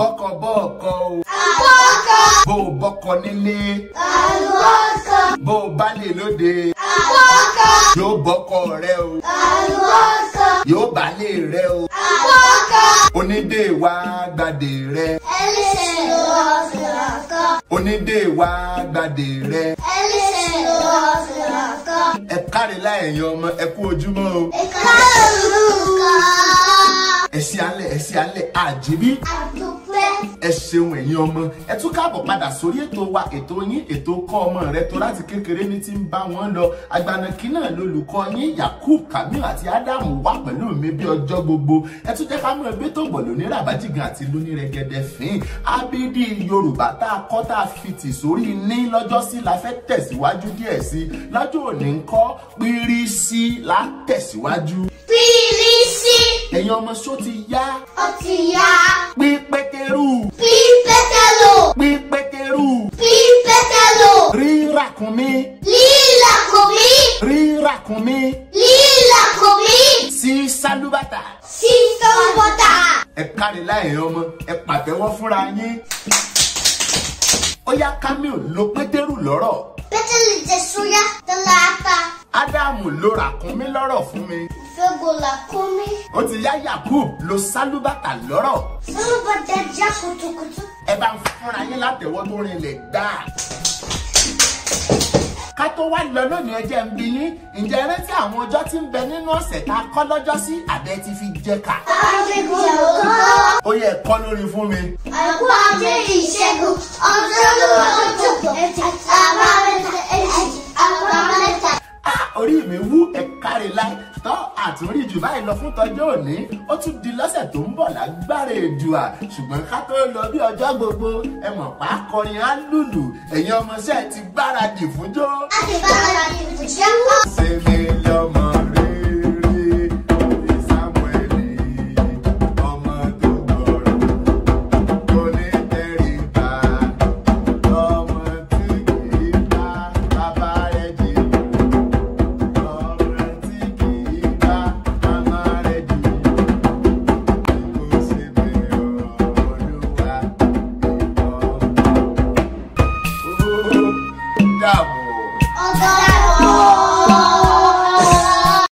bọ́kọ bọ́ọ̀kọ o. àbọ̀kọ. bó o bọ́kọ nílé. àbọ̀kọ. bó o bá lè lóde. àbọ̀kọ. yóò bọ́kọ rẹ o. àbọ̀kọ. yóò bá lè rẹ o. àbọ̀kọ. onídé wa gbàdé rẹ. ẹlẹ́sìn ló wá sí àkọ. onídé wa gbàdé rẹ. ẹlẹ́sìn ló wá sí àkọ. ẹ kárìlá ẹ̀yin ọmọ ẹ kú ojúmọ́ o. ẹ kárìlá ẹ̀sìn alẹ́ ẹ̀sìn alẹ́ àjíbí. àbí ẹ ṣeun ẹ̀yin ọmọ ẹ tún káàbọ̀ padà sórí ètò wa ètò yín ètò kọ́ ọmọ rẹ tó láti kékeré ní ti ń bá wọn lọ agbanakí náà lolùkọ́ yín Yakub Kamil àti Ádámù wà pẹ̀lú mi bí ọjọ́ gbogbo ẹ tún jẹ́ ká mọ̀ ẹgbẹ́ tó bọ̀ lóní ràbájìgàn àti lóní rẹ̀gẹ̀dẹ̀ fín abídí Yorùbá tá a kọ́ tá a fi tì sórí ní lọ́jọ́ sí la fẹ́ tẹ̀síwájú díẹ̀ sí lájọ́ òní ń kọ́ pírísí la tẹ̀síwájú. Lílàkúnmí. Lílàkúnmí. Ríràkúnmí. Lílàkúnmí. Sí sálúbàtà. Sí sálúbàtà. Ẹ káre láì ọmọ, ẹ pàtẹ́wọ́ fúnra yín. Ó yá Kamil loro. Pétérù lọ́rọ̀. Pétérù jẹ súyá tó láta. Ádámù ló ràkúnmí lọ́rọ̀ fún mi. Ìfẹ́gbò làkúnmí. Ó ti yá Yakub ló sálúbàtà lọ́rọ̀. Sálúbàtà já kùtùkùtù. Ẹ bá ń fúnra yín látẹ̀wọ́ tó rinlẹ̀ dáa tó wá lọ lónìí ẹjẹ́ ń bi yín ǹjẹ́ rántí àwọn ọjọ́ tí ń bẹ nínú ọ̀sẹ̀ tá kọ́ lọ́jọ́ sí àbẹ́ ti fi jẹ kà. àbíkú ọkọ. ó yẹ ẹ̀kọ́ lórí fún mi. àkú àbí ìṣègùn ọdún tó tó ẹ̀jẹ̀ àbáwẹ̀. àtúnrí jù báyìí lọ fún tọjọ́ òní ó tún di lọ́sẹ̀ tó ń bọ̀ lágbára èdùà ṣùgbọ́n ká tó lọ bí ọjọ́ gbogbo ẹ mọ̀ pa akọrin á lùlù ẹ̀yin ọmọọṣẹ́ ti gbáradì fúnjó. a ti gbáradì fúnjó. dàbọ̀. ó